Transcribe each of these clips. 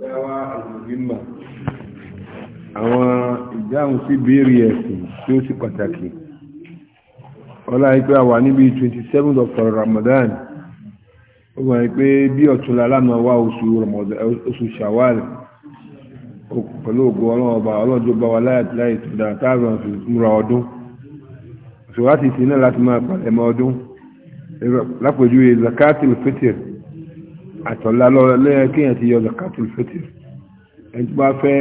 dáwà àlùmímà àwọn ìdáhùn sí béèrè ẹ̀sìn tí ó sì pàtàkì ọlá ìpé àwà níbi 27th of Ramadan ó gbà pé bí ọ̀túnlá lánà wá oṣù Shawwal pẹ̀lú ògùn ọlọ́ọ̀bà ọlọ́jọ́ bá wa láyàtí láyè tó dáa táàrùn àti múra ọdún òṣèwádìí sí náà láti máa pàlẹ̀mọ́ ọdún lápèjúwe zakatil fitr àtọ̀lá lọ́rọ̀ lẹ́yìn kéèyàn ti yọ zakatul fitr ẹni tó bá fẹ́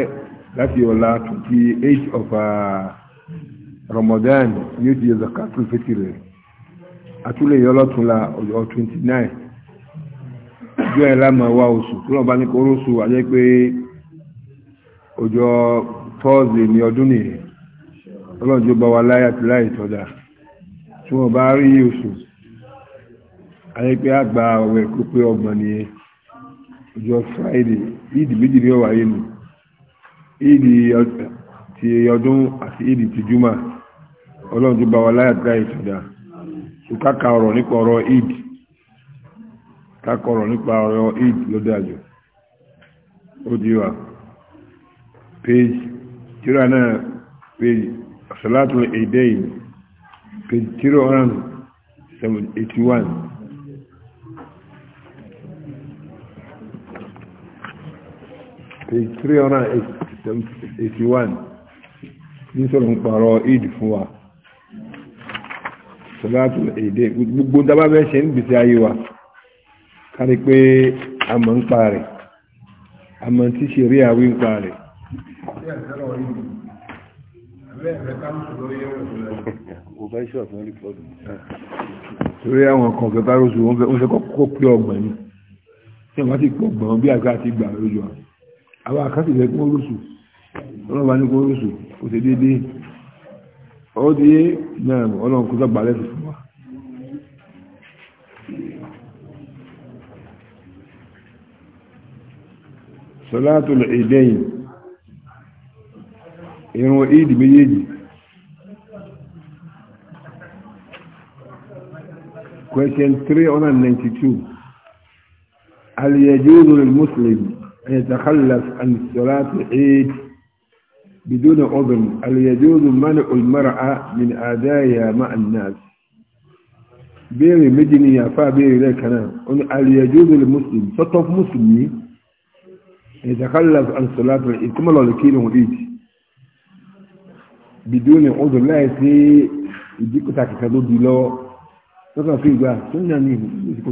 láti ọ̀la twenty eight of uh, Ramadan yóò ti yọ zakatul fitr rẹ̀ àtúlẹ̀ yọ lọ́túnla ọjọ́ twenty nine ọjọ́ ẹ̀ lámà wá oṣù tó lọ́ba ní kóró oṣù àjẹ́ pé ọjọ́ tọ́ọ̀sì ní ọdún nìyẹn ọlọ́run bá wa láyà tí láyè tọ́da tí wọ́n bá rí oṣù ayé pé a gba ọ̀wẹ̀ kó pé ọgbọ̀n nìyẹn ọjọ́ friday ìdí méjì ní ọ̀wà yìí nù ìdí ti ọdún àti ìdí ti juma ọlọ́run tó bá wa láyà dá ìtọ́jà tó káka ọ̀rọ̀ nípa ọ̀rọ̀ id káka ọ̀rọ̀ nípa ọ̀rọ̀ id ló dájú ó di wa page tíra náà page salatul eidain page tíra 81 page three hundred and eighty one ní sọ̀rọ̀ ń parọ́ eid fún wa sọ̀láàtù èdè gbogbo dábà bẹ́ẹ̀ ṣe ń gbèsè ayé wa kárí pé a mọ̀ ń pa rẹ̀ a mọ̀ tí ṣe rí àwí ń pa rẹ̀ torí àwọn kan kẹta rọ́sù wọ́n fẹ́ kọ́kọ́ pé ọgbọ̀n ni tí wọ́n ti pọ̀ gbọ̀n bí àgbà ti gbà lójú àwọn àwọn àkáǹtì rẹ̀ kó rúṣù ọlọ́ba ní kó rúṣù kò sí déédéé ó di náà ọlọ́run kó sọ́gbà lẹ́sì fún wa. sọláàtò ìdẹ́yìn ìrun ìdí méjèèjì question 392 al yajuzu lil muslim أن يتخلف عن صلاة العيد بدون أذن هل يجوز منع المرأة من أدائها مع الناس بيري مدني يا فابيري لك أنا هل يجوز للمسلم سطف مسلمي يتخلف عن صلاة العيد كما لو لكيله العيد بدون أذن لا يسي يديكو تاكي كدو دي لو نقف في بقى سنة نيه يسيكو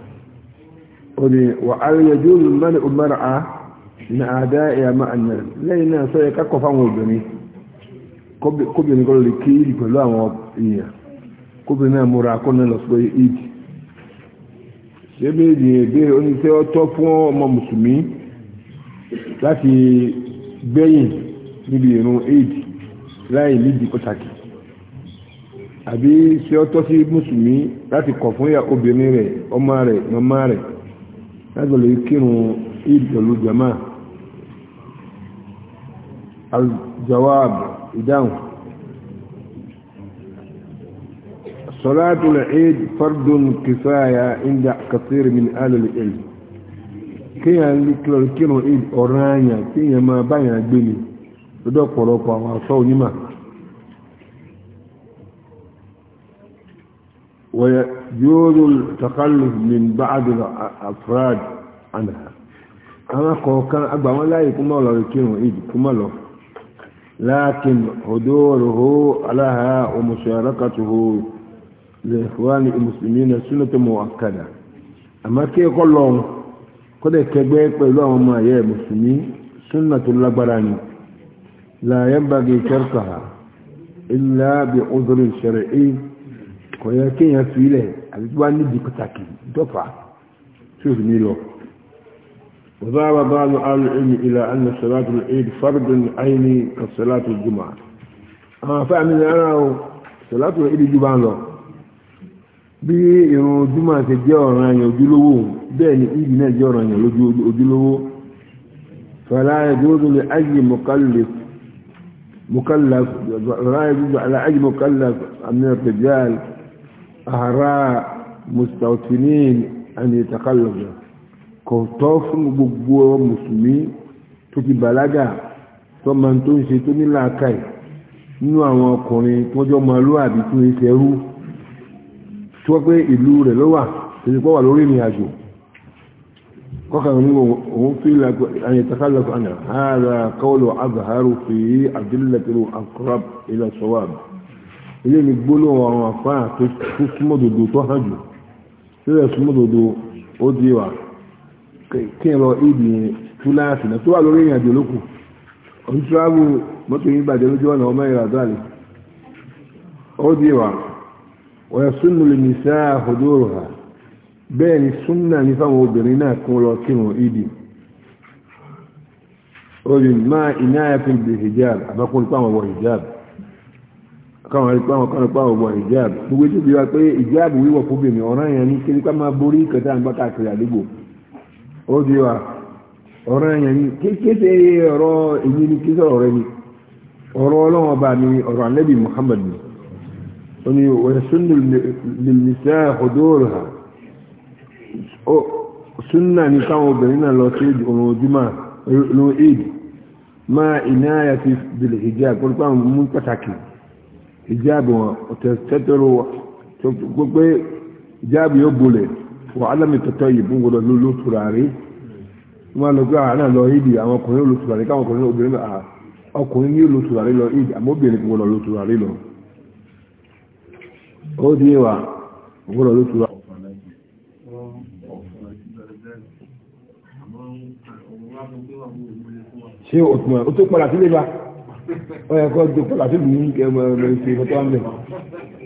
oni wa alyajuzu mani mar'a min ada'iha na an-nas lẹ́yìn na sọ yẹ ká kọ̀ fáwọn obìnrin kóbìnrin kọ́ lè kí ìdì pẹ̀lú àwọn èèyàn kóbìnrin náà múra kó náà lọ sí ìdì ṣé méjì fún ọmọ láti níbi láì nídìí pàtàkì àbí sí láti fún obìnrin ọmọ lágbẹ̀lẹ̀ kírun ìdọ̀lú jama aljawab ìdáhùn صلاة العيد فرض كفاية عند كثير من أهل العلم كي يكلو الكيرو عيد أورانيا كي يما بايا بني بدو قلوبا وصوني ما ويجوز التخلف من بعض الأفراد عنها أنا كان أبا ولا يكون ما لو يكون إيد كما لو لكن حضوره لها ومشاركته لإخوان المسلمين سنة مؤكدة أما كي يقول لهم قد كبير ما يا مسلمين سنة اللبراني لا ينبغي تركها إلا بعذر شرعي kò yẹ kéèyàn fi ilẹ̀ àbí tí wàá níbi pàtàkì dọ́fà tí o sì ní lọ. وذهب بعض أهل العلم إلى أن صلاة العيد فرض عيني كصلاة الجمعة. أما فأمن أنا صلاة العيد جمعة له. bí irun júmọ̀ ṣe jẹ́ ọ̀ràn àyàn ojúlówó bẹ́ẹ̀ ni ìdí náà jẹ́ ọ̀ràn àyàn lójú ojúlówó fàlà ẹ̀dúró lè ayé ààrá mustautunin àni ìtàkàlọ̀gbọ̀ kò tọ́ fún gbogbo mùsùlùmí tó ti bàlágà tọ́mọ tó ń ṣe tó ní làákàì nínú àwọn ọkùnrin tọ́jọ́ mọ lóàbí tó ń ṣe rú tí wọ́n pé ìlú rẹ̀ lọ́wà tẹ̀lé pọ́ wà lórí ìrìn àjò kọ́kàn ní òun fi àni ìtàkàlọ̀gbọ̀ àná ààrá kọ́ọ̀lù àbàhárò fi àdílẹ̀tẹ̀rù àkọ́rọ̀ ilẹ̀ sọ́wọ́ àbọ̀ ilé ni gbólóhùn àwọn àfáà tó súnmọ́ dòdò tó hàn jù tó rẹ̀ súnmọ́ dòdò ó di wà kí n lọ ìdí túláàsì náà tó wà lórí ìrìn àjò lókù ọdún tíráàbù mọ́tò yìí bàjẹ́ lójú ọ̀nà ọmọ ìrìn àjò àlè ó di wà wọ́n súnmù lè ní sáà àhòdóró ha bẹ́ẹ̀ ni súnnà ní fáwọn obìnrin náà kún lọ kírun ìdí ó di máa ìnáyà fi bè hijab àbákùnrin fáwọn wọ hijab káwọn ẹni pàwọn kan pa ọgbọ ìjáàbù gbogbo ètò ìbí wa pé ìjáàbù wíwọ̀ fún bèmí ọ̀ràn yẹn ní kí nípa máa borí ìkẹta àgbà káàkiri àdúgbò ó di wa ọ̀ràn yẹn ní kéṣe ọ̀rọ̀ èyí ni kí sọ̀rọ̀ rẹ ni ọ̀rọ̀ ọlọ́wọ́n bá mi ọ̀rọ̀ alẹ́bí Muhammad ni ó ní sunnu ọ̀dọ́rọ̀ ha sunna ni káwọn obìnrin náà lọ sí ọ̀rọ̀ ojúmọ́ ìjáàbù wọn ọ̀tẹ̀tẹ̀tẹ̀rù gbogbo ìjáàbù yóò bolẹ̀ wọ alámi tọ́tọ́ yìí bó wọlé ló wọn lọ pé àná ah, lọ ìdì àwọn ọkùnrin ló káwọn ọkùnrin obìnrin ah, ọkùnrin ní lọ ìdì àmọ́ obìnrin kò wọlé lọ. ó di wọlé ṣé o padà sílé bá. ó yẹ kó dùn pọ̀lá sílùú yìí kẹ́ mọ̀ ẹ̀rọ ìṣe ìfọ̀tọ́ àmì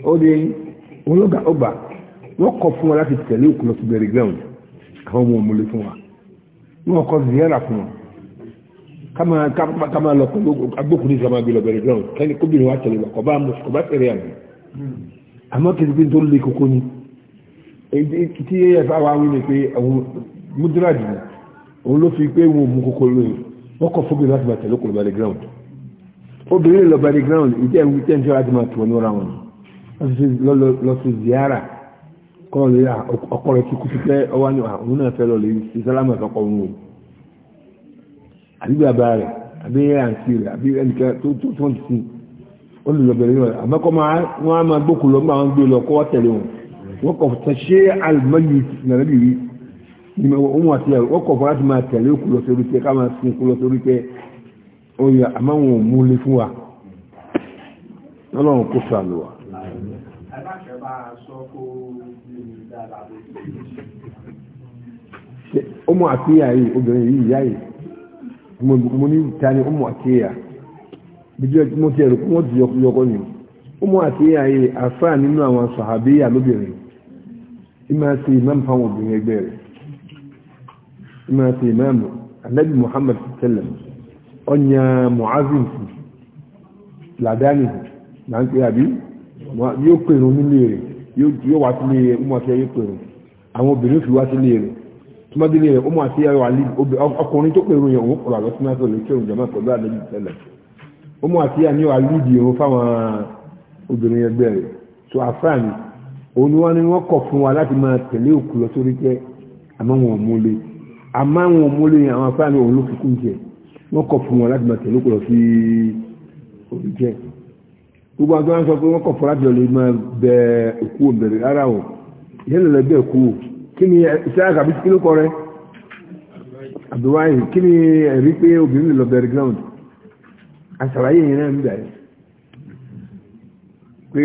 ó di òun ló gbà ó gbà wọ́n kọ̀ fún wa láti tẹ̀lé òkú lọ sí bẹ̀rẹ̀ ground káwọn ọmọ ọmọlé fún wa wọ́n kọ́ ziara fún wa kama lọ pẹ̀lú agbókùnrin ìjọba gbé lọ bẹ̀rẹ̀ ground kẹ́ni kóbìnrin wa tẹ̀lé wa kọ́ bá mọ̀ kọ́ bá tẹ̀lé àmì àmọ́ kìí pé tó lè kókó ni tí ẹ̀fà wa wí ni pé àwọn múdúrà jù òun ló fi pé wọn ò mú kókó lóyún wọ́n kọ̀ fún mi láti bàtẹ̀ lókùnrin bẹ̀rẹ̀ ground obìnrin lọ bẹ̀rẹ̀ ground ìjẹ́ ìwé tẹ́ ń fẹ́ láti máa tù wọn lọ́ra wọn lọ sí ziara kọ́ lórí ọkọ rẹ̀ ti kú sí pé ọwá ní òun náà fẹ́ lọ lórí sí sálámà àkọ́kọ́ òun o àbí bàbá rẹ̀ àbí àǹtí rẹ̀ àbí ẹnìkan tó tó tó ti sìn ó lè lọ bẹ̀rẹ̀ lọ àmọ́kọ́ máa wọ́n á máa gbókù lọ máa ń gbé lọ kọ́ tẹ̀lé wọn wọ́n kọ̀ fún ṣe àlùmọ́yì nàlẹ́bìrì wọ́n kọ̀ fún láti máa tẹ̀lé òkú lọ sórí pé ká máa sin òkú lọ sórí pé oyè àmáwọn òmúlé fún wa ọlọ́run kó sàlù wa ọmọ àkíyà yìí obìnrin yìí ìyá yìí mo ní ìta ni ọmọ àkíyà bíjọ́ mo ti ẹ̀rù kí wọ́n ti yọkọ́ ni ọmọ àkíyà yìí àfáà nínú àwọn sàhábíyà lóbìnrin ìmá ti imam fáwọn obìnrin ẹgbẹ́ rẹ̀ ìmá ti imam anabi muhammad sallallahu ọ̀nyà mu'azin fún làdáni là ń pè àbí yóò pèrò nílé rẹ̀ yóò wá sílé rẹ̀ ọmọ àti ẹyẹ pèrò àwọn obìnrin fi wá sílé rẹ̀ tọ́mọdé rẹ̀ ọmọ àti ẹyẹ wà líbi ọkùnrin tó pèrò yẹn òun kọ̀ọ̀lọ́ sí náà sọ̀rọ̀ kẹrùn jama pẹ̀lú àdébí tẹ́lẹ̀ ọmọ àti ẹyẹ ni wà líbi òun fáwọn obìnrin ẹgbẹ́ rẹ̀ tó àfáàní òun ni wọ́n ní wọ́n kọ̀ fún wa láti máa tẹ̀lé òkú lọ sórí jẹ́ àmọ́ wọn ò múlé àmọ́ wọn ò múlé àwọn àfáàní òun ló fi kún jẹ́ wọ́n kọ̀ fún wọn láti máa tẹ̀lé kọ̀ọ̀ sí oríjẹ́ gbogbo àgbà wọn sọ pé wọ́n kọ̀ fún láti lè máa bẹ òkú òbẹ̀rẹ̀ rárá o yẹn lọ bẹ òkú o kí ni iṣẹ́ àgàbí kí ló kọ rẹ abdulwahid kí ni ẹ̀rí pé obìnrin lè lọ bẹ̀rẹ̀ ground àṣàlàyé yẹn náà ń bẹ̀ pé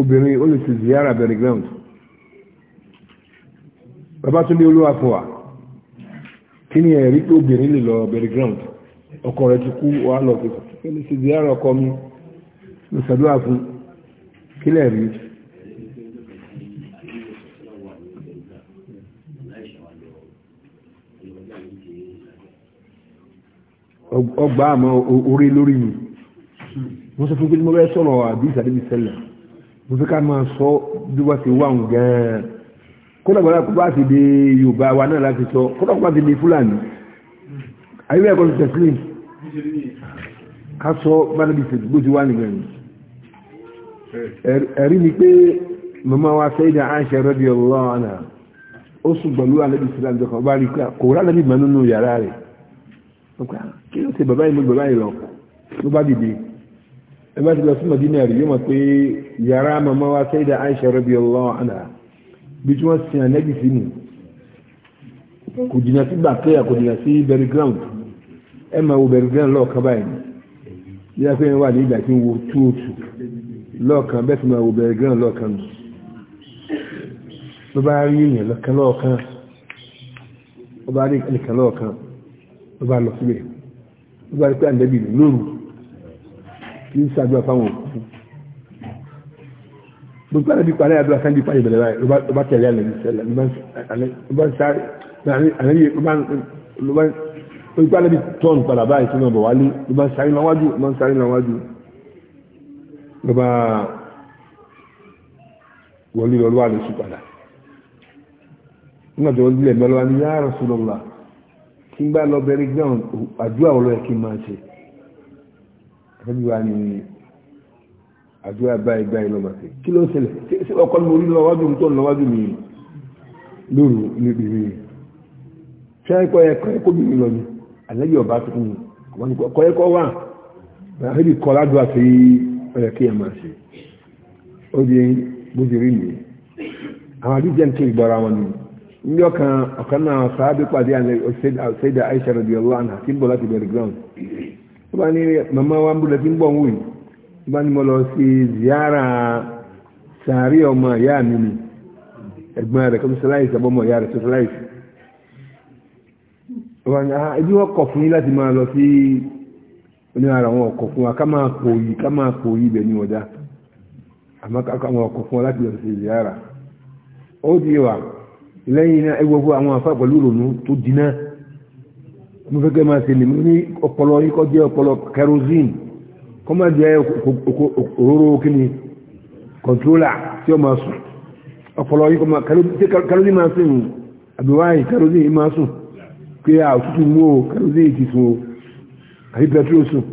obìnrin ó lè ti ziyara bẹ̀rẹ̀ ground Babátúndé Olúwafọ̀wá kí ni ẹ̀rí pé obìnrin lè lọ bẹ̀rẹ̀ ground ọkọ rẹ̀ ti kú wà lọ sí kẹ́lẹ́ sí di ààrẹ ọkọ mi ló ṣàdúrà fún kílẹ̀ rí ọgbà àmọ́ orí lórí mi wọ́n sọ fún pé mo bẹ́ sọ̀rọ̀ àbí ìsàdébí sẹ́lẹ̀ mo fi ká máa sọ bí wọ́n ti wà ń gan-an kó bá ti di Yorùbá wa náà láti sọ kódà kó bá ti di Fúlàní ayé bẹ́ẹ̀ kọ́ ti tẹ̀sílẹ̀ kásọ bánibí fèsìgbó ti wá nìyẹn ẹ̀rí ni pé màmá wa sẹ́yìdà Aisha radiyallahu anha ó sùn pẹ̀lú alẹ́bí sílá ìjọba ọba rí pé kò rá lẹ́bí màá nínú yàrá rẹ̀ ah, kí ló ṣe bàbá yìí mú bàbá yìí lọ ló bá dìde ẹ bá ti lọ sí Madina rí yóò mọ̀ pé yàrá màmá wa sẹ́yìdà Aisha radiyallahu anha bí tí wọ́n sin alẹ́bí sí nù kò jìnnà sí bàtẹ́yà kò jìnnà sí bẹ̀rẹ̀ ground ẹ máa wo bẹ̀rẹ̀ ground lọ́ọ̀kan báyìí yíyá pé wà ní ìgbà tí ń wo tú òtù lọ́ọ̀kan bẹ́ẹ̀ tí máa wo bẹ̀rẹ̀ gíràn lọ́ọ̀kan nù ló bá rí èèyàn lọ́ọ̀kan lọ́ọ̀kan ó bá rí ẹnìkan lọ́ọ̀kan ló bá lọ síbẹ̀ ló bá rí pé àǹdẹ́bì lóru kì í ṣàdúrà fáwọn òkú gbogbo àdàbí parí àdúrà sáńdí parí ìbẹ̀rẹ̀ báyìí ló bá tẹ̀lé àlẹ́ ìṣẹ̀lẹ̀ ló bá ń sáré ó gbá lẹ́bi tọ́ọ̀nù padà báyìí tó náà bọ̀ wálé ló bá ń sáré lọ́wájú ló bá ń sáré lọ́wájú ló bá wọlé lọ́wọ́ àlè sùn padà nígbà tó wọ́n dilẹ̀ mẹ́lọ́wọ́ ni yá Rasulullah kí n bá lọ bẹ̀rẹ̀ gbọ́n àdúrà wọlé kí n máa ṣe àtẹ́bí wa ni àdúrà báyìí báyìí lọ́mọ sí kí ló ń ṣẹlẹ̀ ọkọ mi orí lọ́wọ́dù mi tó ń lọ́wọ́dù mi lóru àlẹ́bí ọba tó kún wọn kọ́ ẹ̀kọ́ wà àlẹ́bí kọ́ ládùúgbà tí ọ̀rẹ́ kí ẹ máa ṣe ó di bó ti rí nìyẹn àwọn àdúgbò ń kí ìgbọ́ra wọn ni ndí ọkàn ọ̀kan náà sáábì pàdé àlẹ́bí Aisha radiyallahu anha tí ń bọ̀ láti bẹ̀rẹ̀ ground ó bá ní màmá wa ń búlẹ̀ tí ń bọ̀ ń wù yìí ó bá ní mo lọ sí ziyara sàárì ọmọ ìyá mi ni ẹ̀gbọ́n rẹ̀ kọ́ Ah, ibi wọn kọ̀ fún yín láti máa lọ sí oní ara wọn ọkọ̀ fún wa ká máa kò yí ká máa kò yí ibẹ̀ ní ọjà àmọ́ ká máa wa láti lọ sí ìyá ara ó di wà lẹ́yìn náà ẹgbẹ́ fún àwọn afá pẹ̀lú ìrònú tó mo fẹ́ kẹ́ máa ṣe lè mú ní ọpọlọ kọ́ jẹ́ ọpọlọ kerosene kọ́ máa jẹ́ òróró kíni kọ̀ntrólà tí ó máa sùn ọpọlọ kọ́ máa pé a òtútù mú o kẹ́lú sí ètì sùn o àbí pẹ̀tró sùn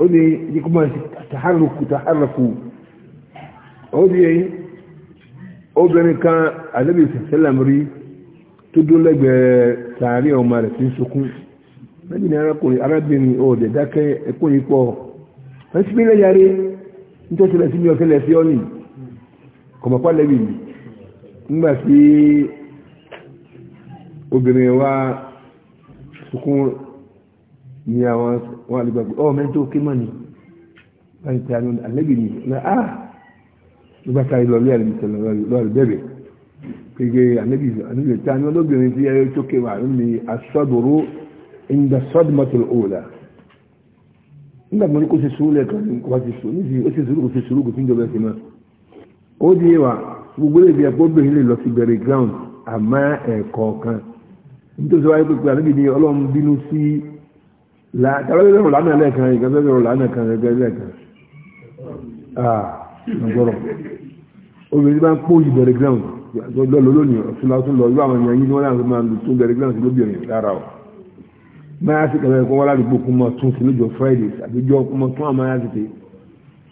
ó ní ìdíkùmọ̀ tàhárùkù tàhárùkù ó ní ẹ̀yìn obìnrin kan àlébì sẹ̀sẹ̀lẹ̀m rí tó dó lẹ́gbẹ̀ẹ́ sàárẹ̀ ọmọ rẹ̀ ní arákùnrin arábìnrin ó yìí nítorí mi nígbà obìnrin wa sukún oh, ní àwọn wọn àlùgbà pé ọ mẹ́tò kí mọ̀ ni láti tẹ àwọn àlẹ́bì ni na á nígbà tá a lọ lé àlẹ́bì tẹ̀lé lọ́ọ̀rì bẹ̀rẹ̀ kéke àlẹ́bì àlẹ́bì tẹ àwọn olóbìnrin tí ẹ tó kéwà ní asọ́dúró ìgbà sọ́dúmọ́tò òòlà nígbà mo ní kó ṣe sùúrù lẹ́ẹ̀kan ní kó wá ṣe sùúrù níbi ó ṣe sùúrù kò ṣe sùúrù kò tún jọba ẹ̀sìn náà ó di wa gbogbo ẹ̀dí ẹ̀kọ́ obìnrin lè lọ sí bẹ̀rẹ̀ ground àmọ́ ẹ̀kọ̀ọ̀kan nítorí tí wáyé pípé àníbi ni ọlọ́run bínú sí tàbílẹ́rù lánà lẹ́ẹ̀kan rẹ̀ gẹ́gẹ́rù lánà kan rẹ̀ gẹ́gẹ́rẹ́kan àgbọ̀rọ̀ obìnrin máa ń pò yí bẹ̀rẹ̀ ground lọ́lọ́ lónìí ọ̀túnlọ́tún lọ irú àwọn èèyàn yìí ni wọ́n náà máa ń tún bẹ̀rẹ̀ ground sí lóbìnrin rárá o máa sì kẹfẹ́ kó wọ́n ládùúgbò kó mọ tún sí lójọ Friday àti jọ kó mọ tún àmáyá tètè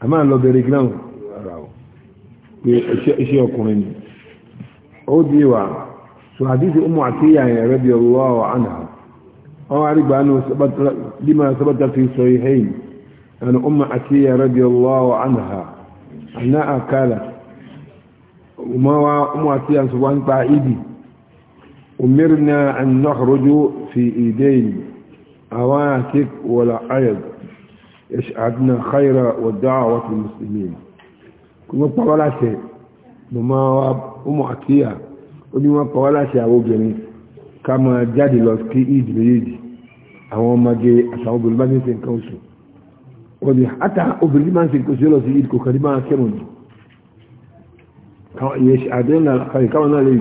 a máa lọ bẹ̀rẹ̀ ground rárá o pé iṣẹ́ ọkùnrin ni ó di wà حديث أم عطية رضي الله عنها أعرف أنه سبت لما سبت في صحيحين أن أم عطية رضي الله عنها أنها أكالت وما أم عطية سبحان فائدي أمرنا أن نخرج في إيدين أواتك ولا عيد يشعدنا خيرا ودعوة المسلمين كما طبعا لا شيء وما أم عطية ó ní wọ́n kọ́ wá láti àwọn obìnrin ká máa jáde lọ sí ìd méjèèjì àwọn ọmọge àtàwọn obìnrin bá ń ṣe nǹkan oṣù wọ́n ní àtà obìnrin máa ń ṣe nǹkan oṣù lọ sí ìd kò kàn ní máa kẹ́rùn ní. àdéhùn àkàrí káwọn náà lè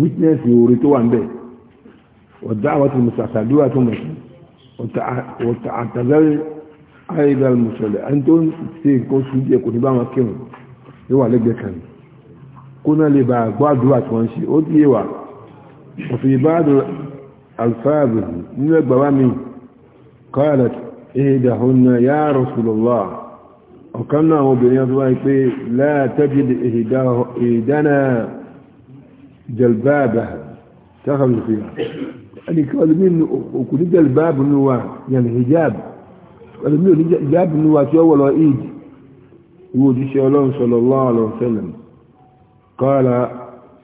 witness oore tó wà ń bẹ̀ ọ̀dà àwọn tó mọ̀ sàtàdúrà tó mọ̀ sí ọ̀tà àtàzẹ́rẹ́ àìgbà mùsọ̀lẹ̀ àti tó ń ṣe nǹkan oṣù díẹ̀ kò ní bá wọn kẹ́rùn ní wà lẹ́gbẹ̀ẹ́ kan kó náà lè bá gbọ́ àdúrà tí wọ́n ń ṣe ó ti yé wa òfin ìbáàdù alfáàbù nínú ẹgbàá mi qalat ihdahunna ya rasulullah ọ̀kan náà àwọn obìnrin ọdún wáyé pé la tajid ihdana jalbaba tákàlù fi ẹnìkan ọlọ́mí òkú ní jalbaba nínú wa قال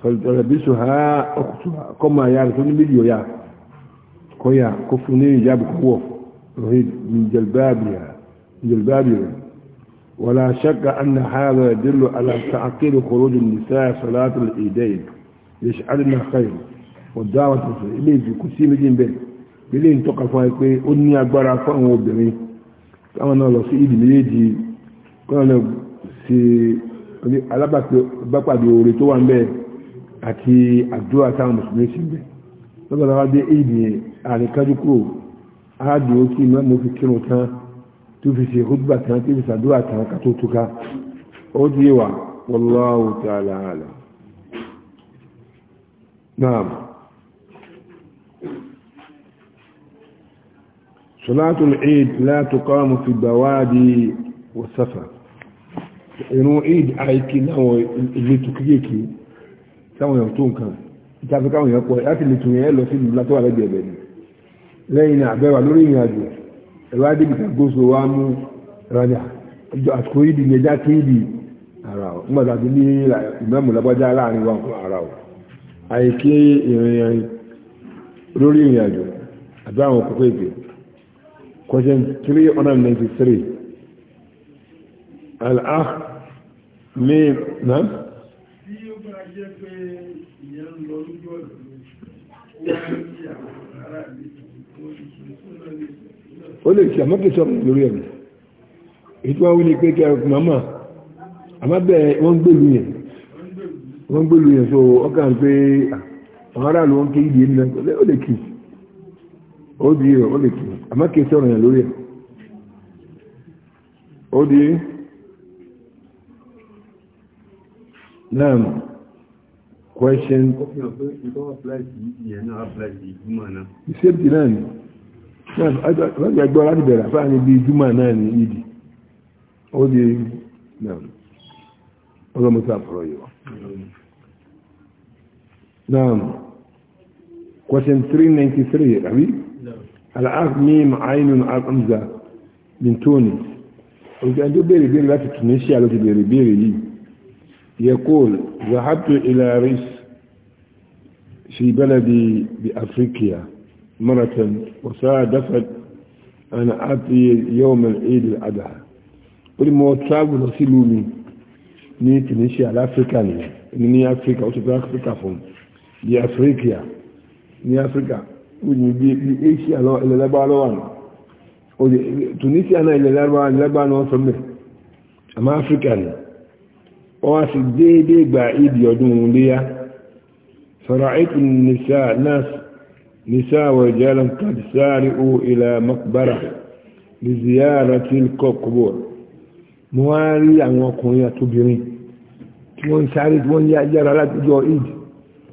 فلتلبسها أختها كما يعرف يعني الميديو يا كويا كفني جاب كوف رهيب من جلبابها من جلبابها ولا شك أن هذا يدل على تعقيد خروج النساء صلاة العيدين يشعرنا خير والدعوة إليه في كسي مدين به ilé ìtọ́ka fún ẹ pé ó ní agbára fún àwọn obìnrin káwọn náà lọ sí alábàpàdé oore tó wà ń bẹ àti àdúrà táwọn mùsùlùmí sì ń bẹ lọ́gbàdá wá dé èdè àríkájú kúrò áàdùn ó kí iná mo fi kírun tán tó fi ṣe húdùbà tán tó fi ṣàdúrà tán ká tó túká ó ti yé wa wallahu ta'ala a'lam naam صلاة العيد لا تقام في البوادي والسفر ìrún eid àìkí láwọn ìletò kéékèèké táwọn èèyàn tó nǹkan ìtàfi káwọn èèyàn pọ̀ láti lè tún yẹn lọ sí ìlú látọ́wà lẹ́gbẹ̀ẹ́ bẹ̀rẹ̀ lẹ́yìn náà àbẹ́wà lórí ìrìn àjò ẹ̀rọ adébìtà gòsò wa mú rajà àsìkò ìdí ní ẹja kéèdì ara ọ̀ nígbà tàbí ní ìmọ̀mù lágbájá láàrin wa fún ara ọ̀ àìkí ìrìn lórí ìrìn àjò àbẹ́ àwọn kókó èdè question three hundred ninety three al ní náà tí ó bá jẹ́ pé ìyẹn lọ lójú ọ̀dọ̀ ó lè kí àmọ́kẹ́sọ́ lórí ẹ̀mí ètò àwọn ilé pé kẹrù mọ́mọ́ àmábẹ́ wọ́n ń gbèlú yẹn wọ́n ń gbèlú yẹn so ọkà ń pé àwọn aráàlú wọn kí ìdí ẹ̀mí ó lè kí ó di ó lè kí àmọ́kẹ́sọ́ rẹ̀ lórí ẹ̀mí ó di ẹ̀mí Naam. Question. Ìṣẹ́bì náà ni. Lọ́gbà ẹgbọ́ láti bẹ̀rẹ̀ àfáà ní bí Júmà náà ni ìdí. Ó di náà. Ọlọ́mọsá àpọ̀rọ̀ yìí. Naam. Question 393, àbí? Al-Af Mim Ainun Al-Amza min Tunis. Òjò ẹjọ́ béèrè béèrè láti Tunisia ló ti béèrè béèrè yìí. يقول ذهبت إلى ريس في بلدي بأفريقيا مرة وصادفت أن أعطي يوم العيد الأضحى قل موتاب نسلومي ní tunisia láfíríkà ní ní áfíríkà ó ti fẹ́ áfíríkà fún di áfíríkà ní áfíríkà ó ní bí i asia ilẹ̀lẹ́bá lọ́wọ́ nù tunisia náà ilẹ̀lẹ́bá lọ́wọ́ sọ́mẹ̀ àmọ́ áfíríkà ní wọ́n wá déédéé gba ìdí ọdún léyá sọ̀rọ̀ nìsá náà nìsá wàjálà tàbí sáàrí ó ilà makbara ní ziyara tí kọ́ kúbọ̀ mo wá rí àwọn ọkùnrin tí wọ́n sáré tí wọ́n ìdí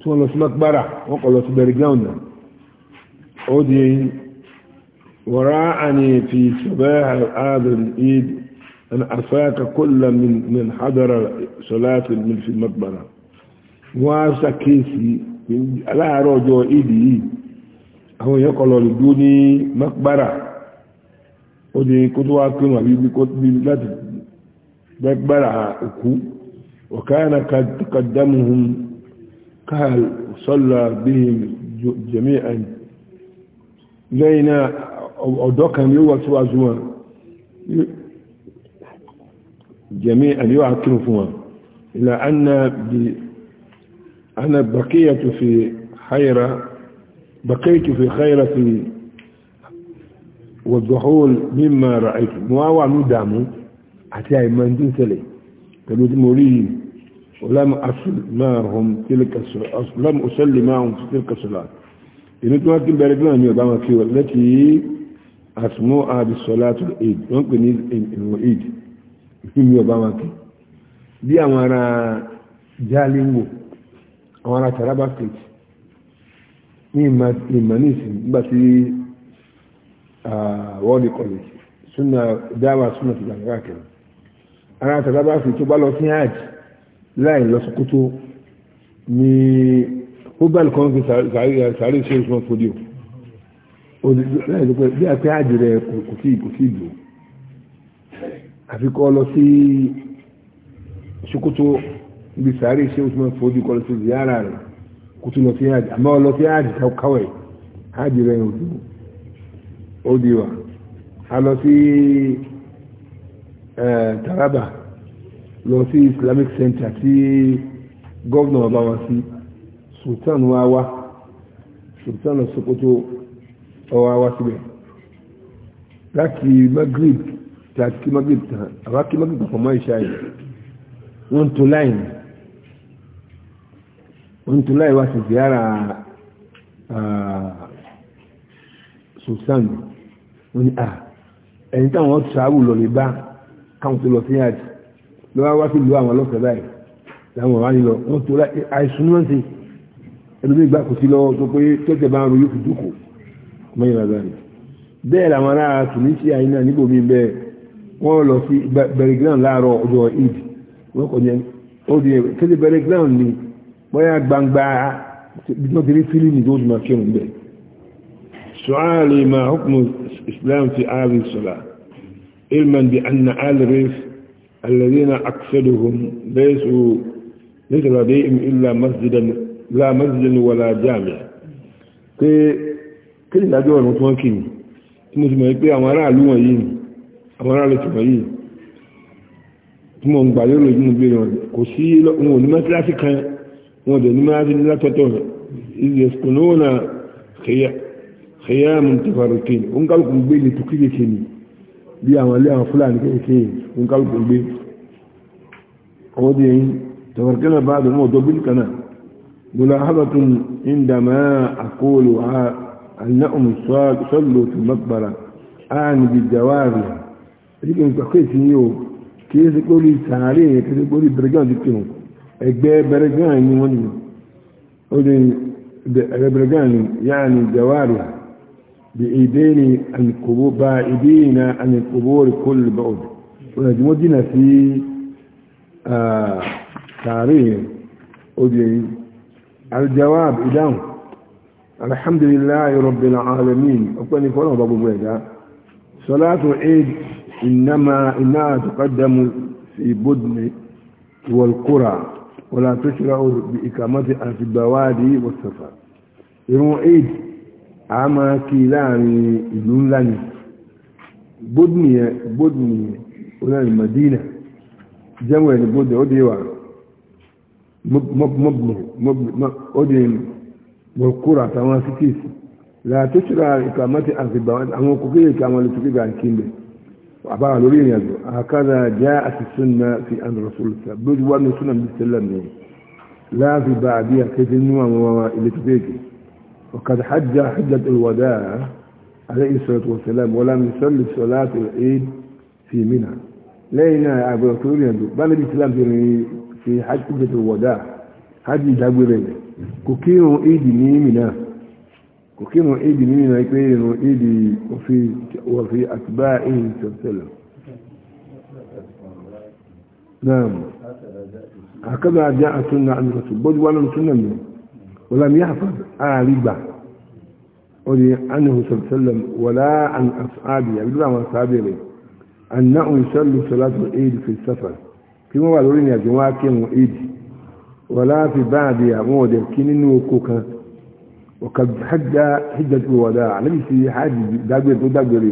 tí wọ́n lọ sí makbara wọ́n kọ̀ lọ sí bẹ̀rẹ̀ ó di أن أرفاك كل من من حضر صلاة من في المقبرة وسكيسي على رجو إيدي هو يقول لدوني مقبرة ودي كتوا كنوا بيبي كتبي لا مقبرة أكو وكان قد تقدمهم قال صلى بهم جميعا لينا أو دوكا يوكسوا أزوان جميع أنواع فما إلى أن أنا بقية في حيرة بقيت في خيرة والذحول مما رأيت مواوع مدامو حتى من دون سلي قالوا مريم ولم أصل معهم تلك الصلاة لم أصلي معهم في تلك الصلاة إن تمكن بردنا أن يبقى التي أسموها بالصلاة العيد ممكن العيد ìsinmi ọba wọn kì bí àwọn ará jálíwò àwọn ará Taraba state ní ìmọ̀ ní ìsìn nígbà tí wọ́ọ̀dì college súnà dáwà súnà ti gbàgbà kẹrin ará Taraba state tó bá lọ sí hajj láì lọ Sókótó ní mobile kan fi sàárè ṣe ìṣúná fòdíò láì lọ bí a hajj rẹ kò sí ìdùn àfi kọ́ lọ sí Sokoto ibi sàárè ṣé oṣù mẹ́fọ́ ojú kọ́ lọ sí ziyara rẹ̀ kó tún lọ sí hajj àmọ́ lọ sí hajj káwẹ̀ hajj rẹ̀ ojú ó di wa a lọ sí Taraba lọ sí Islamic Center tí gọ́vnà ọba wa sí Sultan wa wá Sultan Sokoto ọwa wa síbẹ̀ láti Maghrib tí a kí mọ́gì tán àwa kí mọ́gì tán fọmọ́ ìṣá yìí wọ́n tún láì wọ́n tún láì wá sí ziyara susan wọ́n ní à ẹni táwọn ṣáàbù lọ lè bá káwọn tó lọ sí àjì lọ́wọ́ wá sí ìlú àwọn ọlọ́sẹ̀ báyìí láwọn wá nílọ wọ́n tún láì àìsùn náà sí ẹlòmíì gbà kò sí lọ́wọ́ tó pé tẹ́tẹ̀ bá ń ro yóò fi dúkò mọ́yìn lágbára bẹ́ẹ̀ làwọn ará Tunisia yìí náà níbòmí bẹ́ẹ̀ wọ́n lọ sí bẹ̀rẹ̀ ground láàárọ̀ ọjọ́ eid wọ́n kọ̀ yẹn ó di kéde bẹ̀rẹ̀ ground ni bóyá gbangba wọ́n ti rí fílìmù tó ti máa kírun bẹ̀. sọ́ọ́lì máa hukmu islam fi ààrẹ sọ̀la ilman bi anna alrif alladhina aksaduhum laysu laysa ladayhim illa masjidan la masjidan wala jami'a pé ìdájọ́ ọ̀run tí wọ́n kì í tí mo ti mọ̀ pé àwọn aráàlú wọ̀nyí ni àwọn ará lẹ́tọ̀ wọ̀nyí tí mo ń gbà lérò inú bèrè wọn kò sí wọn ò ní mẹ́tíláṣí kan wọn dẹ̀ ní mẹ́tíláṣí ní látọ̀tọ̀ ìyẹ̀sùkùnúwọ̀nà kẹyàmù tẹfàrùkì ń kálukú gbé ní tó kéékèèké ni bí àwọn ilé àwọn fúlàní kéékèèké ń kálukú gbé àwọn dẹ̀ yín tẹfàrùkì náà bá dùn mọ́ ọ̀dọ́ bíi kan náà ملاحظة عندما أقول أنهم صلوا في المقبرة أعني بالجواب èyí kò gbà kéèsì yìí o kì í ṣe pé orí sàárè yẹn kì í ṣe pé orí bẹ̀rẹ̀gàn ti kírun ẹgbẹ́ bẹ̀rẹ̀gàn ni wọ́n nìyẹn ó lè ẹgbẹ́ bẹ̀rẹ̀gàn ni yáà ni jawari bí èdè ni ànìkòbó ba èdè na ànìkòbó rẹ̀ kó lè bá òdì wọ́n ti wọ́n jìnà sí sàárè yẹn ó lè aljawab ìdáhùn alhamdulillahi rabbil alamin ọpẹ́ ni fọ́nà gbogbo ẹ̀dá صلاة العيد إنما إنها تقدم في بدن والقرى ولا تشرع بإقامتها في البوادي والسفر irun eid a máa kí láàrin ìlú ńlá ni bodniyẹ olórin madina jẹ́wọ̀ ẹni bodniyẹ ó dé wà mọ́bùnú ó dé mọ̀kúrò àtàwọn cities la tóṣìlá ìkàmọ́tì àgbègbè àwọn okùn kéèké àwọn olùtúkì gbà kí n bẹ̀ àbá lórí ìrìn àjò àkàdà jẹ́ àtìsún náà fi àná rọ̀sọ̀lù sá lójú wa ní súnà ní sẹ́lẹ̀ mi láàfin bá àbí àkéjì nínú àwọn ilé tó kéèké ọ̀kadà hajj hajj ìwàdà alẹ́ ìsọ̀rọ̀ tó sẹ́lẹ̀ wọlá mi sọ́lù sọ́lá tó éèd fi mìnà lẹ́yìn náà àgbẹ̀rọ̀ tó rìn kò kí mọ̀ èdè nínú náà pé ìrìnà èdè òfin àtìbá èyí tẹ̀sẹ̀lẹ̀ náà àkàbà àjá àtúnnà àmìrọ̀tù bọ́dí wà lọ́nà túnnà mi wọlámi yáfà àrígbà ọdí annahu sallallahu wọlá an asáàbì àbílá àwọn asáàbì rẹ̀ annáhùn sallu salatu èdè fi sáfà kí wọ́n wọlá fi báàbì وقد حج حجة الوداع لم يصير حاج داجر وداجر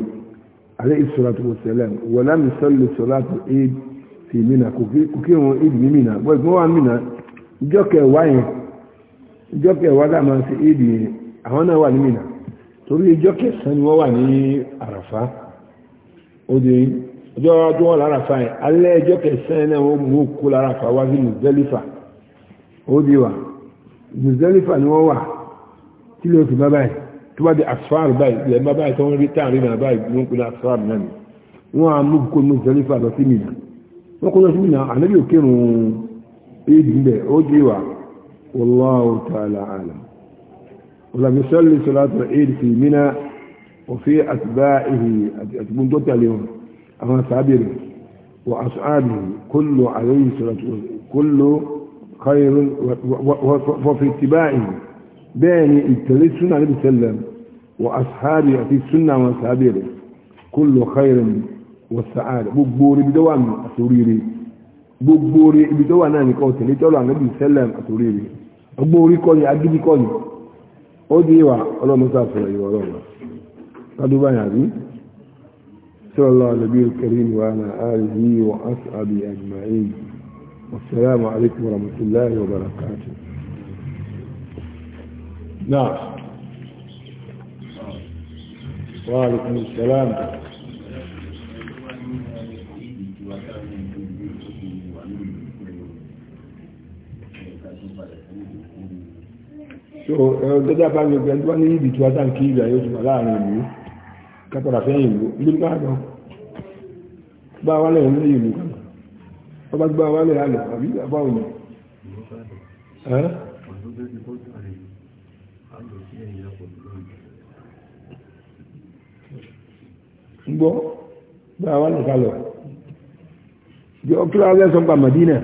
عليه الصلاة والسلام ولم يصلي صلاة العيد في منى كوكيهم عيد في منى وإجمعوا منى جوك واين جوك ودا ما في عيد هنا وان منى torí ìjọ kẹsàn-án ni wọ́n wà ní àràfá obìnrin ọjọ́ ọdún wọn láràfá ẹ̀ alẹ́ ìjọ kẹsàn-án náà wọ́n mú tí ló fi bá báyìí tó bá di asfaw báyìí ilẹ̀ bá báyìí tó ń rí táàrí náà báyìí ló ń pè ní asfaw náà ni wọ́n á mú kó ní zẹlífà lọ sí mìíràn wọ́n kó lọ sí mìíràn ànábì ò kírun éèdì ń ó dé wà wallahu ta'ala alam ولم يصلي صلاة العيد في منى وفي أتباعه أتبون دوتا اليوم أما سابر وأصحابه كل عليه صلاة كل خير وفي اتباعه بين التالي سنة عليه وسلم وأصحابي في السنة وأصحابي كل خير والسعادة ببوري بدوام أسوريري ببوري بدوام أنا كوتي لتولى عن النبي سلم أسوريري ببوري كوني أجيبي كوني أودي الله مسافر أيوة الله قد بان هذه صلى الله على الكريم وعلى آله وأصحابه أجمعين والسلام عليكم ورحمة الله وبركاته نعم وعليكم السلام so gẹ́gẹ́ eh, bá ní ọgbẹ́ wọ́n ní ibi tí wọ́n tán kí ìgbà yóò túnmọ̀ láàrin ìlú kápọ̀lá fẹ́yìn ìlú ìlú bá lọ gbá wálẹ̀ ní ìlú ọba gbá wálẹ̀ alẹ̀ àbí àbá òní gbọ́ gba wà nìkan lọ jọ kílọ̀ alẹ́ sọ gba Madina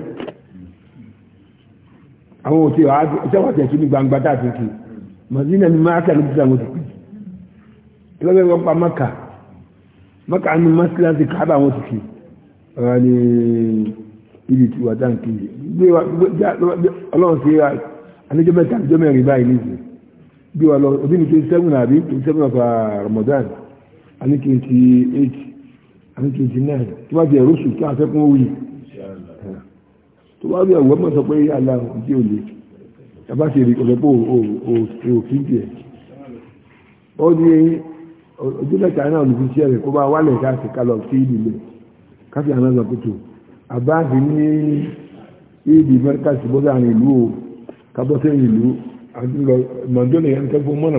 àwọn òtí ìṣẹ́wọ̀n tẹ̀sí ní gbangba tá a Madina ni máa kà ní bí sàwọn òtí kì lọ́gbẹ́ wọn pa Maka Maka ni masilasi kábà àwọn òtí kì ọ̀rọ̀ ni ibi tí wà dáhùn kì gbé wa ọlọ́run sí wa àníjọ́ mẹ́ta àníjọ́ mẹ́rin báyìí nìyí bí wa lọ àní twenty eight àní twenty nine tó bá ti ẹ̀rọ kí afẹ́kún ó tó bá rí ẹ̀wọ́ mọ̀ sọ pé yàrá òjì òye ẹ̀bá ṣe rí ọ̀rẹ́ pé òfin tiẹ̀ ní ojú mẹ́ta náà olùfiṣẹ́ rẹ̀ kó bá wálẹ̀ káàkiri kálọ̀ sí lọ kótó ní ìdí sí bọ́sà ìlú o kábọ́sẹ̀ ìlú mọ̀ndó kẹ́kọ̀ọ́ mọ́nà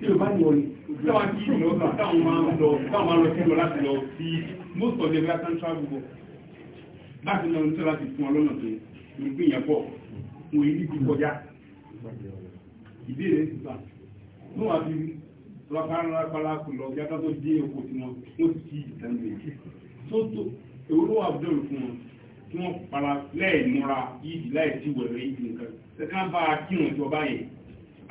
tí o bá ní ọ̀rẹ́ tí wọ́n ti yìí lọ́gbà táwọn máa ń lọ táwọn máa ń lọ sí lọ láti lọ sí most of the American travel bọ̀ láti lọ sí láti fún ọ lọ́nà tó ń gbé yẹn bọ̀ wọn èyí ti kọjá ìbéèrè ìgbà ní wọn àti rápárápárá kò lọ bí akásọ dé oko tí wọn wọn ti ti ìtàn lè tó tó èrò wà bẹ́ẹ̀rù fún wọn kí wọ́n para lẹ́ẹ̀múra yìí láì ti wẹ̀rẹ̀ yìí nìkan ṣe ká bá a kírun ìjọba yẹn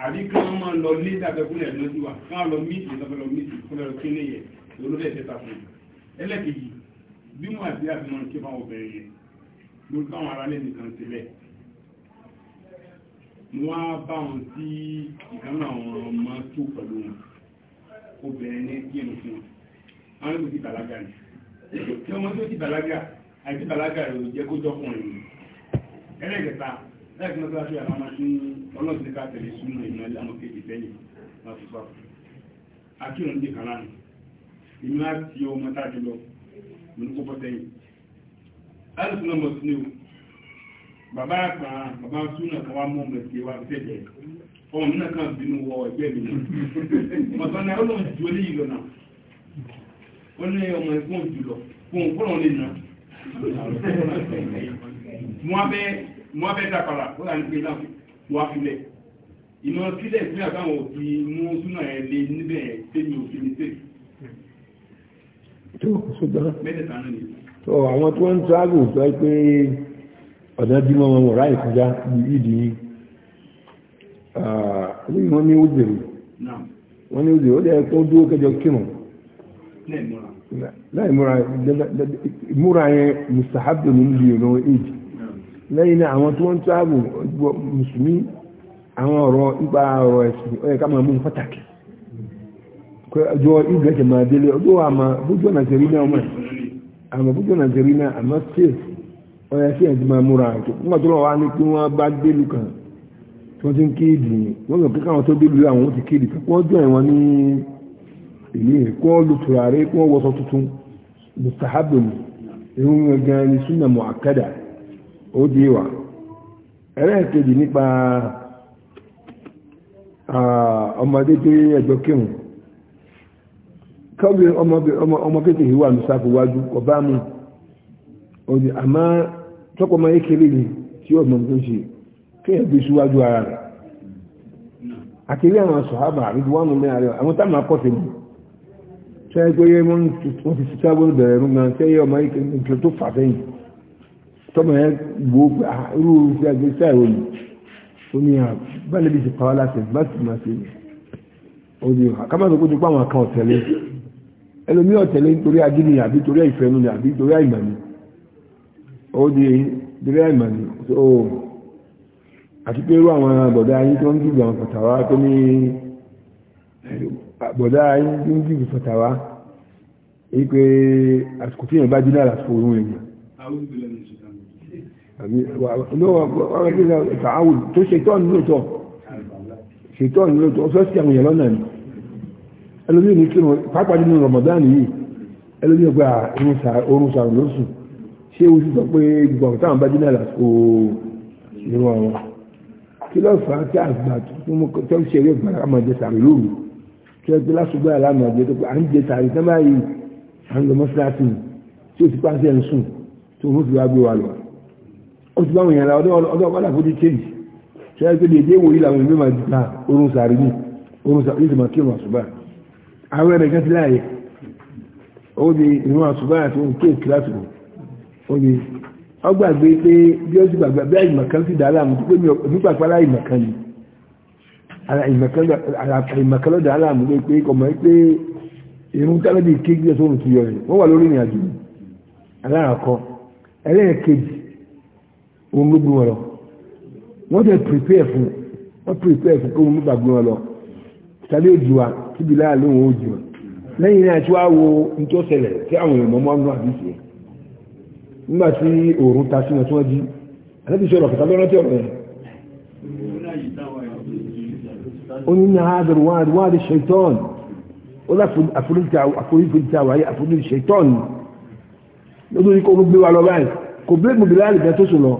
àbí kí wọ́n máa lọ ní ìdàgbẹ́kúnlẹ̀ lọ́jú wa kí wọ́n lọ míìtì lọ́fẹ́ lọ míìtì kúnlẹ̀ lọ kí ní yẹ lólóbẹ̀ tẹ́ta fún un ẹlẹ́kejì bí mo àti àti mọ̀ kí fáwọn obìnrin yẹn mo rí káwọn aráalé nìkan sílẹ̀ mo wá bá wọn sí ìkànnà àwọn ọmọ tó pẹ̀lú wọn obìnrin ní kí ẹnu fún wọn àwọn ẹgbẹ́ ti bàlágà ni kí ọmọ tó ti bàlágà àti bàlágà rẹ̀ ò lẹ́yìn lọ́dọ́ àti àwọn ọmọ sí ọlọ́dún ní ká tẹ̀lé súnmọ́ ìmọ̀ ilé àwọn kejì lẹ́yìn láti sọ akíyàn ní kan láàrin ìmọ̀ láti ọmọ táàdì lọ mo ní kókó sẹ́yìn láti súnmọ́ mọ̀ sí ni o bàbá àgbà bàbá kan wá mọ́ ọmọ ìṣe wa ọmọ mi ọmọ ẹ̀gbọ́n wọ́n fẹ́ dàpàrà ó rà ní pé náà wọ́n á filẹ̀ ìmọ̀ sílẹ̀ fún àbáwọn òbí mú súnà ẹ̀ lé níbẹ̀ tẹ́mi òfin ní tẹ́mi. tó ṣùgbọ́n tó àwọn tó ń travel sọ pé ọ̀nà bímọ wọn wọ̀ ráì kọjá ìdí yìí wọ́n ní ó dèrò wọ́n ní ó dèrò ó dẹ̀ kó dúró kẹjọ kírun láì múra múra yẹn mustahabu ní ìlú ìlú ìjì lẹ́yìn àwọn tí wọ́n ń travel mùsùlùmí àwọn ọ̀rọ̀ ipa ọ̀rọ̀ ẹ̀sìn ó yẹ ká máa mú pàtàkì ọjọ́ ìgbẹ́jẹ̀ máa délé ọjọ́ àmà bójú ọ̀nà tẹ̀rí náà mọ̀ àmà bójú ọ̀nà tẹ̀rí náà àmà safe ya sí ẹ̀jẹ̀ máa múra àjò nígbà tó lọ wá ní wọ́n bá o di ìwà ẹlẹ́ẹ̀kejì nípa ọmọdé tó yẹ ẹjọ́ kéwùn kọ́bí wà ní wájú ọba mu òdì àmọ́ tọ́pọ̀ máa ni tí ọmọ tó ṣe kéèyàn bí síwájú ara rẹ̀ àkèrè àwọn sọ̀hábà wọn àrẹ àwọn táwọn akọ́sẹ̀ mú ti sábọ́n bẹ̀rẹ̀ ọmọ tó fà sẹ́yìn tọ́mọ̀ ẹ gbó ah, irú fi agbésí àìwọ̀n ó ní bẹ́ẹ̀ bí ti pa wá láti bá ti máa ṣe ó ní àkámọ́sọ ah, kó ti pa àwọn kan ọ̀tẹ̀lé ẹlòmí ọ̀tẹ̀lé nítorí agídí àbí torí ìfẹ́nu ni àbí torí àìmọ̀ni ó ní torí àìmọ̀ni ó àti pé irú àwọn bọ̀dá ayé tó ń dìbò àwọn pàtàwá tó ní eh, bọ̀dá ayé tó ń dìbò pàtàwá èyí pé àsìkò tí èèyàn bá jí náà àsìkò òun èèyàn ọ̀rọ̀ kí ló tààwù tó ṣetán lóòótọ́ ṣetán lóòótọ́ ó fẹ́ sí àwọn èèyàn lọ́nà ni ẹlòmíì ní kí pápá nínú Ramadan yìí ẹlòmíì gba ah, orun sàrùn lóṣù ṣé o sì sọ pé gbọ̀n táwọn bá dínà lásìkò ìrọ̀ àwọn kí ló fà á tí àgbà tó ń ṣeré gbàrà àmọ́ jẹ sàrùn lóru tí wọ́n ti lásùgbọ́ àlámà jẹ tó pé à ń jẹ sàrùn sábà yìí à ń lọ mọ́sálásì tí o ti pàṣẹ ń sùn tó ń fi wá gbé wa lọ ó ti báwọn èèyàn ra ọdọ́ ọ̀pádà fún ti change ṣẹ́yẹ́ pé dédé wò yí làwọn ìgbìmọ̀ àti ta orun sàárì ní orun sàárì ní ìsìnkú àṣùbà àwọn ẹ̀rẹ̀ kan ti láàyè ó di ìrún àṣùbà àti ohun tó kíláàsì kù ó di ọgbàgbé pé bí ó ti gbàgbà bí àìmọ̀kan ti dà láàmú pé mi pàpà láìmọ̀kan ni àìmọ̀kan lọ́dà láàmú pé pé ọmọ pé ìrún tálẹ́bì kéjì ẹ̀sọ́ òun ti yọ rẹ̀ wọ́n wà lórí ìrìn àjò alárakọ òun gbogbo gbé wọn lọ wọ́n tẹ̀ prepare fún wọ́n prepare fún pé òun ló wọn lọ tàbí òjì wa síbi wọn lẹ́yìn náà tí wàá wo nítòsẹ̀lẹ̀ tí àwọn èèyàn nígbà tí òòrùn ta sí wọn tí wọ́n jí àti ìṣòro tí ọ̀rọ̀ yẹn ó gbé wa lọ báyìí kò bí tó sùn lọ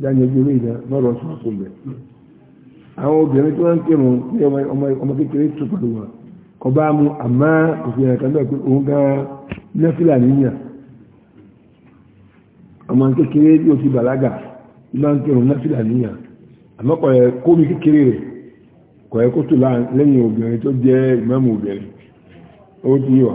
dáyanjú orí ìdá lọ́rọ̀ sọ̀rọ̀ kó àwọn obìnrin tó ń kírun ní ọmọ kékeré tó pẹ̀lú kọ bá mu àmá òfin ẹ̀ka náà pé òun gan lẹ́fìlà níyà ọmọ kékeré bí o ti bàlágà ló ń kírun lẹ́fìlà níyà àmọ́ kọ̀ ẹ̀ kó mi kékeré rẹ̀ kọ̀ kó tó lẹ́yìn obìnrin tó jẹ́ obìnrin ó di wà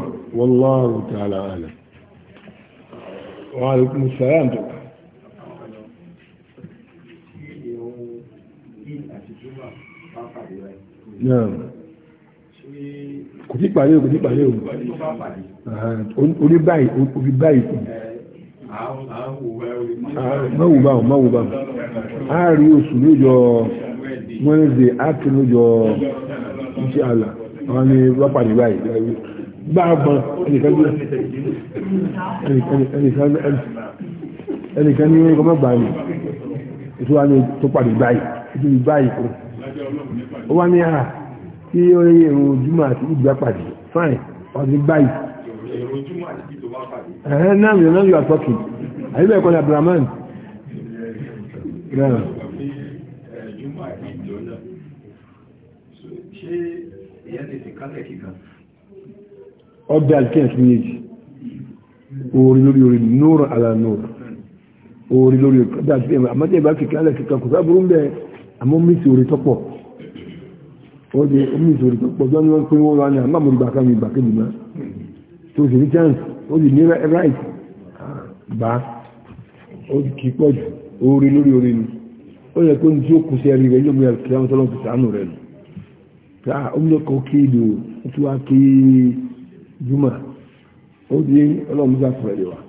kò sí parí o kò sí parí o orí báyìí orí báyìí kù mọ́wù báwọn mọ́wù báwọn a rí oṣù lójọ Wednesday a kì lójọ iṣẹ́ àlà àwọn ni lọ́pàdé báyìí gbáàgbọ́n ẹnìkan ní ọmọ gbà ní ní tó pàdé báyìí ó wá ní àrà ah, tí ó rí èrò ojúmọ̀ àti ìgbà pàdé fine ọdún báyìí. èrò ojúmọ̀ àti ìgbà pàdé. ẹ̀hẹ́n náà yóò náà yóò àtọ́kì àyíbẹ̀ ẹ̀kọ́ ní abdulrahman. ọbẹ̀ alikẹ́yìn fún yéèjì orí lórí orí nóòrò àlà nóòrò orí lórí orí àmọ́tẹ́ ìbá fi kálẹ̀ kíkan kò sábúrú ń bẹ àmọ́ mí sí orí tọ́pọ̀ ó di omi ìṣòrí pọ̀jọ́ ni wọ́n pín wọ́n wá ní àmàmù ìgbà kan ìgbà kejì náà tó sì ní chance ó sì ní right gbà ó sì kí pọ̀ jù orí lórí orí ni ó yẹ kó ní tí ó kù sí ẹrí rẹ̀ yóò mú ẹrù kí wọ́n tọ́lọ́ fi sàánù rẹ̀ nù ah, tá